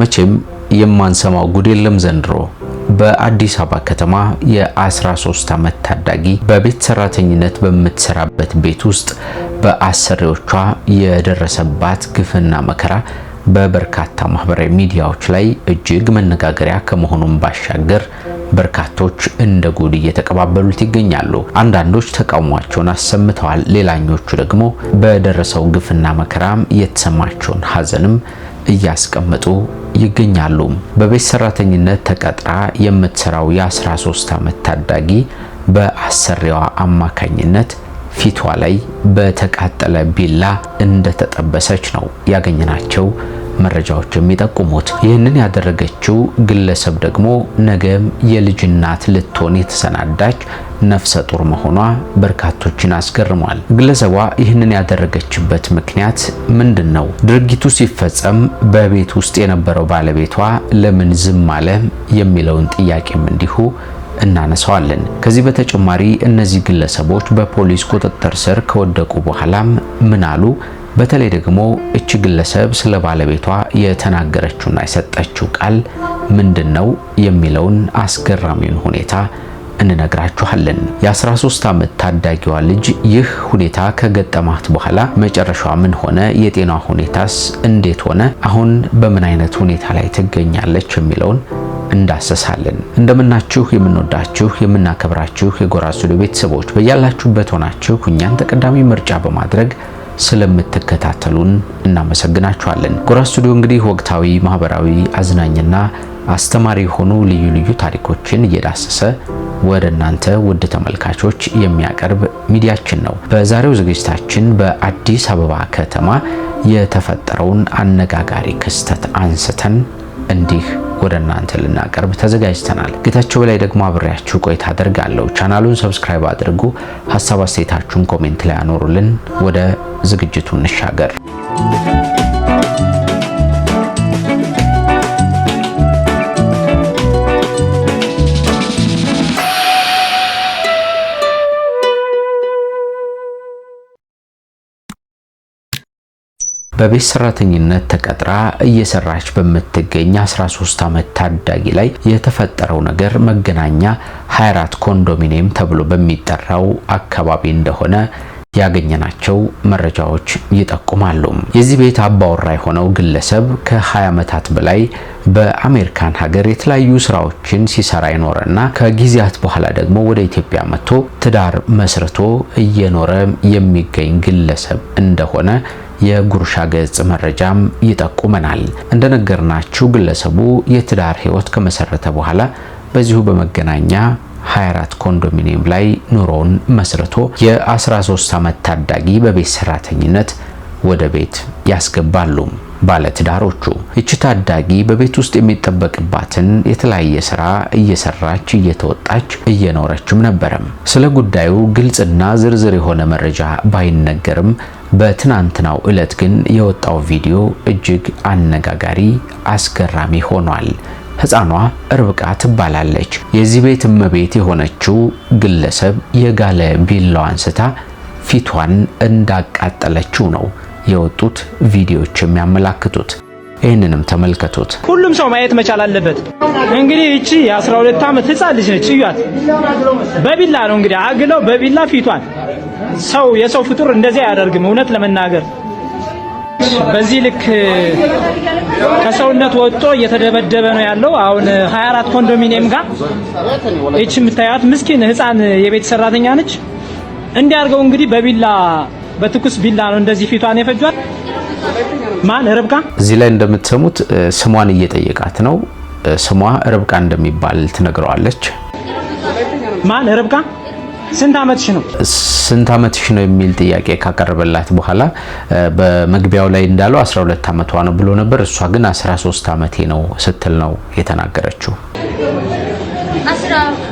መቼም የማንሰማው ጉድ የለም ዘንድሮ። በአዲስ አበባ ከተማ የ13 ዓመት ታዳጊ በቤት ሰራተኝነት በምትሰራበት ቤት ውስጥ በአሰሪዎቿ የደረሰባት ግፍና መከራ በበርካታ ማህበራዊ ሚዲያዎች ላይ እጅግ መነጋገሪያ ከመሆኑም ባሻገር በርካቶች እንደ ጉድ እየተቀባበሉት ይገኛሉ። አንዳንዶች ተቃውሟቸውን አሰምተዋል። ሌላኞቹ ደግሞ በደረሰው ግፍና መከራም የተሰማቸውን ሀዘንም እያስቀመጡ ይገኛሉ። በቤት ሰራተኝነት ተቀጥራ የምትሰራው የ13 ዓመት ታዳጊ በአሰሪዋ አማካኝነት ፊቷ ላይ በተቃጠለ ቢላ እንደተጠበሰች ነው ያገኘናቸው መረጃዎች የሚጠቁሙት። ይህንን ያደረገችው ግለሰብ ደግሞ ነገም የልጅ እናት ልትሆን የተሰናዳች ነፍሰ ጡር መሆኗ በርካቶችን አስገርሟል። ግለሰቧ ይህንን ያደረገችበት ምክንያት ምንድን ነው? ድርጊቱ ሲፈጸም በቤት ውስጥ የነበረው ባለቤቷ ለምን ዝም አለ የሚለውን ጥያቄም እንዲሁ እናነሳዋለን። ከዚህ በተጨማሪ እነዚህ ግለሰቦች በፖሊስ ቁጥጥር ስር ከወደቁ በኋላም ምን አሉ? በተለይ ደግሞ እች ግለሰብ ስለ ባለቤቷ የተናገረችውና የሰጠችው ቃል ምንድነው የሚለውን አስገራሚውን ሁኔታ እንነግራችኋለን። የ13 ዓመት ታዳጊዋ ልጅ ይህ ሁኔታ ከገጠማት በኋላ መጨረሻዋ ምን ሆነ? የጤና ሁኔታስ እንዴት ሆነ? አሁን በምን አይነት ሁኔታ ላይ ትገኛለች የሚለውን እንዳሰሳለን። እንደምናችሁ የምንወዳችሁ የምናከብራችሁ የጎራ ስቱዲዮ ቤተሰቦች በያላችሁበት ሆናችሁ እኛን ተቀዳሚ ምርጫ በማድረግ ስለምትከታተሉን እናመሰግናችኋለን። ጎራ ስቱዲዮ እንግዲህ ወቅታዊ፣ ማህበራዊ፣ አዝናኝና አስተማሪ የሆኑ ልዩ ልዩ ታሪኮችን እየዳሰሰ ወደ እናንተ ውድ ተመልካቾች የሚያቀርብ ሚዲያችን ነው። በዛሬው ዝግጅታችን በአዲስ አበባ ከተማ የተፈጠረውን አነጋጋሪ ክስተት አንስተን እንዲህ ወደ እናንተ ልናቀርብ ተዘጋጅተናል። ጌታቸው በላይ ደግሞ አብሬያችሁ ቆይታ አደርጋለሁ። ቻናሉን ሰብስክራይብ አድርጉ። ሀሳብ አስተያየታችሁን ኮሜንት ላይ አኖሩልን። ወደ ዝግጅቱ እንሻገር። በቤት ሰራተኝነት ተቀጥራ እየሰራች በምትገኝ 13 ዓመት ታዳጊ ላይ የተፈጠረው ነገር መገናኛ 24 ኮንዶሚኒየም ተብሎ በሚጠራው አካባቢ እንደሆነ ያገኘናቸው መረጃዎች ይጠቁማሉ። የዚህ ቤት አባወራ የሆነው ግለሰብ ከ20 ዓመታት በላይ በአሜሪካን ሀገር የተለያዩ ስራዎችን ሲሰራ ይኖረና ከጊዜያት በኋላ ደግሞ ወደ ኢትዮጵያ መጥቶ ትዳር መስርቶ እየኖረ የሚገኝ ግለሰብ እንደሆነ የጉርሻ ገጽ መረጃም ይጠቁመናል። እንደነገርናችሁ ግለሰቡ የትዳር ህይወት ከመሰረተ በኋላ በዚሁ በመገናኛ 24 ኮንዶሚኒየም ላይ ኑሮውን መስርቶ የ13 ዓመት ታዳጊ በቤት ሰራተኝነት ወደ ቤት ያስገባሉ ባለትዳሮቹ። ይቺ ታዳጊ በቤት ውስጥ የሚጠበቅባትን የተለያየ ስራ እየሰራች እየተወጣች እየኖረችም ነበረም። ስለ ጉዳዩ ግልጽና ዝርዝር የሆነ መረጃ ባይነገርም በትናንትናው ዕለት ግን የወጣው ቪዲዮ እጅግ አነጋጋሪ፣ አስገራሚ ሆኗል። ህፃኗ ርብቃ ትባላለች። የዚህ ቤት እመቤት የሆነችው ግለሰብ የጋለ ቢላዋ አንስታ ፊቷን እንዳቃጠለችው ነው የወጡት ቪዲዮዎች የሚያመላክቱት። ይህንንም ተመልከቱት። ሁሉም ሰው ማየት መቻል አለበት። እንግዲህ እቺ የ12 ዓመት ህፃን ልጅ ነች። እዩት፣ በቢላ ነው እንግዲህ አግለው፣ በቢላ ፊቷን። ሰው የሰው ፍጡር እንደዚህ አያደርግም። እውነት ለመናገር በዚህ ልክ ከሰውነት ወጥቶ እየተደበደበ ነው ያለው። አሁን 24 ኮንዶሚኒየም ጋር እቺ የምታያት ምስኪን ህፃን የቤት ሰራተኛ ነች። እንዲያርገው እንግዲህ በቢላ በትኩስ ቢላ ነው እንደዚህ ፊቷን የፈጇት። ማን ርብቃ። እዚህ ላይ እንደምትሰሙት ስሟን እየጠየቃት ነው። ስሟ ርብቃ እንደሚባል ትነግረዋለች። ማን ርብቃ ስንት ዓመትሽ ነው ስንት ዓመትሽ ነው የሚል ጥያቄ ካቀረበላት በኋላ በመግቢያው ላይ እንዳለው 12 ዓመቷ ነው ብሎ ነበር። እሷ ግን 13 ዓመቴ ነው ስትል ነው የተናገረችው። 13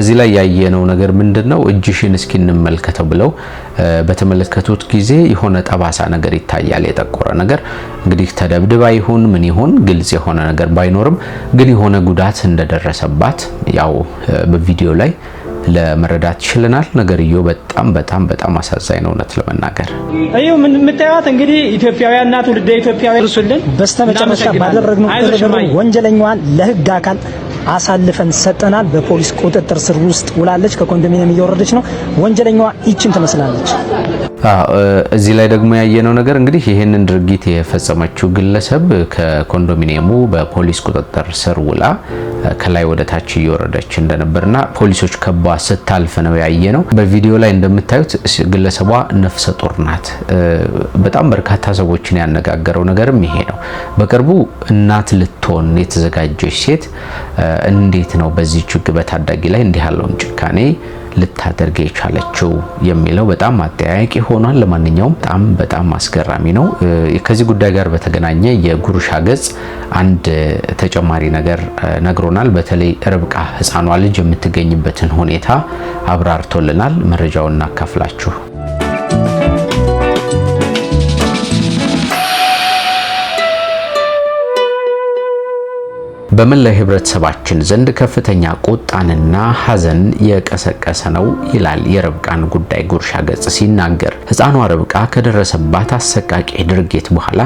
እዚህ ላይ ያየነው ነገር ምንድን ነው? እጅሽን እስኪ እንመልከተው ብለው በተመለከቱት ጊዜ የሆነ ጠባሳ ነገር ይታያል፣ የጠቆረ ነገር። እንግዲህ ተደብድባ ይሁን ምን ይሁን ግልጽ የሆነ ነገር ባይኖርም ግን የሆነ ጉዳት እንደደረሰባት ያው በቪዲዮ ላይ ለመረዳት ችለናል። ነገርየው በጣም በጣም በጣም አሳዛኝ ነው። እውነት ለመናገር አዩ ምን የምታዩት እንግዲህ ኢትዮጵያውያን እና ትውልደ ኢትዮጵያውያን እርሱልን በስተመጨረሻ ባደረግነው ወንጀለኛዋን ለህግ አካል አሳልፈን ሰጠናል። በፖሊስ ቁጥጥር ስር ውስጥ ውላለች። ከኮንዶሚኒየም እየወረደች ነው። ወንጀለኛዋ ይችን ትመስላለች። እዚህ ላይ ደግሞ ያየነው ነገር እንግዲህ ይህንን ድርጊት የፈጸመችው ግለሰብ ከኮንዶሚኒየሙ በፖሊስ ቁጥጥር ስር ውላ ከላይ ወደ ታች እየወረደች እንደነበርና ፖሊሶች ከባ ስታልፍ ነው ያየ ነው። በቪዲዮ ላይ እንደምታዩት ግለሰቧ ነፍሰ ጡር ናት። በጣም በርካታ ሰዎችን ያነጋገረው ነገርም ይሄ ነው። በቅርቡ እናት ልትሆን የተዘጋጀች ሴት እንዴት ነው በዚህ እጅግ በታዳጊ ላይ እንዲህ ያለውን ጭካኔ ልታደርግ የቻለችው የሚለው በጣም አጠያያቂ ሆኗል። ለማንኛውም በጣም በጣም አስገራሚ ነው። ከዚህ ጉዳይ ጋር በተገናኘ የጉርሻ ገጽ አንድ ተጨማሪ ነገር ነግሮናል። በተለይ ርብቃ ሕፃኗ ልጅ የምትገኝበትን ሁኔታ አብራርቶልናል። መረጃውን እናካፍላችሁ። በመላ ህብረተሰባችን ዘንድ ከፍተኛ ቁጣንና ሀዘን የቀሰቀሰ ነው ይላል የርብቃን ጉዳይ ጉርሻ ገጽ ሲናገር። ህፃኗ ርብቃ ከደረሰባት አሰቃቂ ድርጊት በኋላ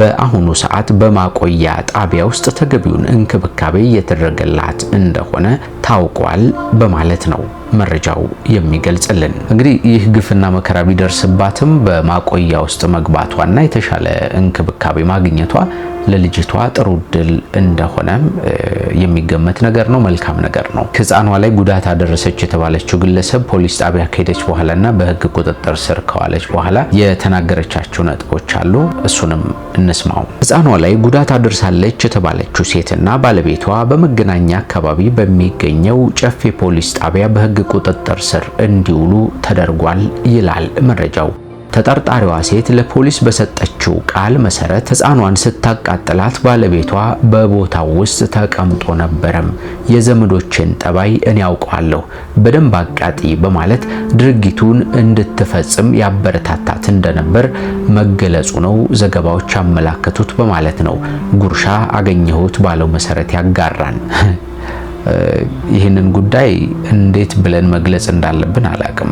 በአሁኑ ሰዓት በማቆያ ጣቢያ ውስጥ ተገቢውን እንክብካቤ እየተደረገላት እንደሆነ ታውቋል በማለት ነው መረጃው የሚገልጽልን። እንግዲህ ይህ ግፍና መከራ ቢደርስባትም በማቆያ ውስጥ መግባቷና የተሻለ እንክብካቤ ማግኘቷ ለልጅቷ ጥሩ እድል እንደሆነም የሚገመት ነገር ነው። መልካም ነገር ነው። ህፃኗ ላይ ጉዳት አደረሰች የተባለችው ግለሰብ ፖሊስ ጣቢያ ከሄደች በኋላና በህግ ቁጥጥር ስር ከዋለች በኋላ የተናገረቻቸው ነጥቦች አሉ። እሱንም እንስማው። ህፃኗ ላይ ጉዳት አደርሳለች የተባለችው ሴትና ባለቤቷ በመገናኛ አካባቢ በሚገኘው ጨፌ ፖሊስ ጣቢያ በህ በሕግ ቁጥጥር ስር እንዲውሉ ተደርጓል ይላል መረጃው። ተጠርጣሪዋ ሴት ለፖሊስ በሰጠችው ቃል መሰረት ሕፃኗን ስታቃጥላት ባለቤቷ በቦታው ውስጥ ተቀምጦ ነበረም። የዘመዶችን ጠባይ እኔ ያውቀዋለሁ በደንብ አቃጢ በማለት ድርጊቱን እንድትፈጽም ያበረታታት እንደነበር መገለጹ ነው ዘገባዎች ያመላከቱት በማለት ነው ጉርሻ አገኘሁት ባለው መሰረት ያጋራን። ይህንን ጉዳይ እንዴት ብለን መግለጽ እንዳለብን አላቅም።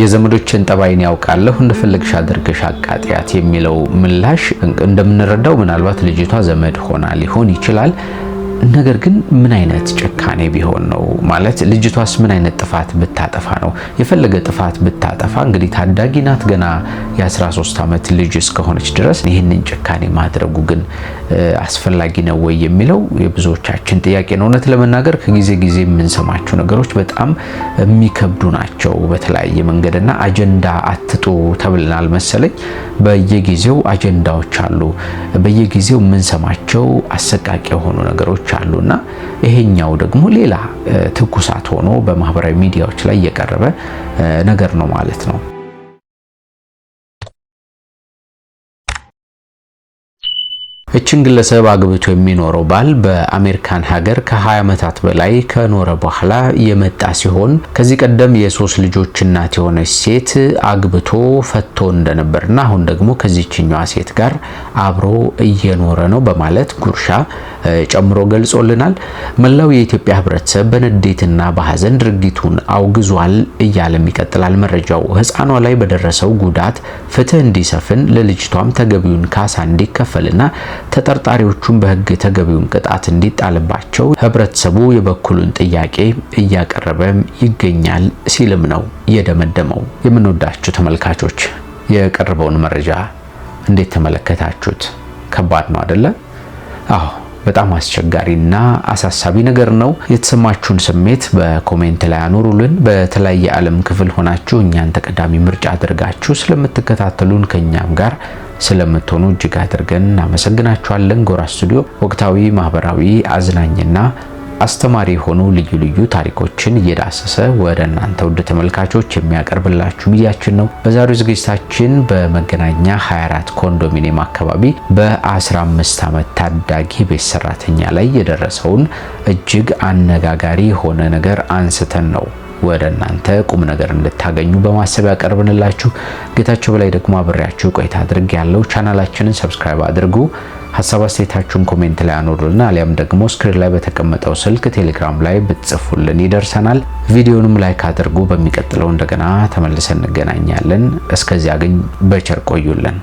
የዘመዶችን ጠባይን ያውቃለሁ እንደፈለግሽ አድርገሽ አቃጢያት የሚለው ምላሽ እንደምንረዳው ምናልባት ልጅቷ ዘመድ ሆና ሊሆን ይችላል። ነገር ግን ምን አይነት ጭካኔ ቢሆን ነው ማለት ልጅቷስ ምን አይነት ጥፋት ብታጠፋ ነው? የፈለገ ጥፋት ብታጠፋ እንግዲህ ታዳጊ ናት ገና የ13 ዓመት ልጅ እስከሆነች ድረስ ይህንን ጭካኔ ማድረጉ ግን አስፈላጊ ነው ወይ የሚለው የብዙዎቻችን ጥያቄ ነው። እውነት ለመናገር ከጊዜ ጊዜ የምንሰማቸው ነገሮች በጣም የሚከብዱ ናቸው። በተለያየ መንገድና አጀንዳ አትጡ ተብልናል መሰለኝ። በየጊዜው አጀንዳዎች አሉ። በየጊዜው የምንሰማቸው አሰቃቂ የሆኑ ነገሮች ነገሮች አሉና ይሄኛው ደግሞ ሌላ ትኩሳት ሆኖ በማህበራዊ ሚዲያዎች ላይ የቀረበ ነገር ነው ማለት ነው። እችን ግለሰብ አግብቶ የሚኖረው ባል በአሜሪካን ሀገር ከ20 ዓመታት በላይ ከኖረ በኋላ የመጣ ሲሆን ከዚህ ቀደም የሶስት ልጆች እናት የሆነች ሴት አግብቶ ፈቶ እንደነበርና አሁን ደግሞ ከዚችኛዋ ሴት ጋር አብሮ እየኖረ ነው በማለት ጉርሻ ጨምሮ ገልጾልናል። መላው የኢትዮጵያ ህብረተሰብ በንዴትና በሀዘን ድርጊቱን አውግዟል እያለም ይቀጥላል መረጃው። ህፃኗ ላይ በደረሰው ጉዳት ፍትህ እንዲሰፍን ለልጅቷም ተገቢውን ካሳ እንዲከፈልና ተጠርጣሪዎቹም በህግ ተገቢውን ቅጣት እንዲጣልባቸው ህብረተሰቡ የበኩሉን ጥያቄ እያቀረበም ይገኛል ሲልም ነው የደመደመው። የምንወዳችሁ ተመልካቾች የቀረበውን መረጃ እንዴት ተመለከታችሁት? ከባድ ነው አደለ? አዎ በጣም አስቸጋሪና አሳሳቢ ነገር ነው። የተሰማችሁን ስሜት በኮሜንት ላይ አኖሩልን በተለያየ ዓለም ክፍል ሆናችሁ እኛን ተቀዳሚ ምርጫ አድርጋችሁ ስለምትከታተሉን ከእኛም ጋር ስለምትሆኑ እጅግ አድርገን እናመሰግናችኋለን። ጎራ ስቱዲዮ ወቅታዊ፣ ማህበራዊ፣ አዝናኝና አስተማሪ የሆኑ ልዩ ልዩ ታሪኮችን እየዳሰሰ ወደ እናንተ ውድ ተመልካቾች የሚያቀርብላችሁ ሚዲያችን ነው። በዛሬው ዝግጅታችን በመገናኛ 24 ኮንዶሚኒየም አካባቢ በ15 ዓመት ታዳጊ ቤት ሰራተኛ ላይ የደረሰውን እጅግ አነጋጋሪ የሆነ ነገር አንስተን ነው ወደ እናንተ ቁም ነገር እንድታገኙ በማሰብ ያቀርብንላችሁ። ጌታቸው በላይ ደግሞ አብሬያችሁ ቆይታ አድርግ ያለው ቻናላችንን ሰብስክራይብ አድርጉ። ሀሳብ አስተያየታችሁን ኮሜንት ላይ አኖሩልና አሊያም ደግሞ ስክሪን ላይ በተቀመጠው ስልክ ቴሌግራም ላይ ብትጽፉልን ይደርሰናል። ቪዲዮንም ላይክ አድርጉ። በሚቀጥለው እንደገና ተመልሰን እንገናኛለን። እስከዚያ ግን በቸር ቆዩልን።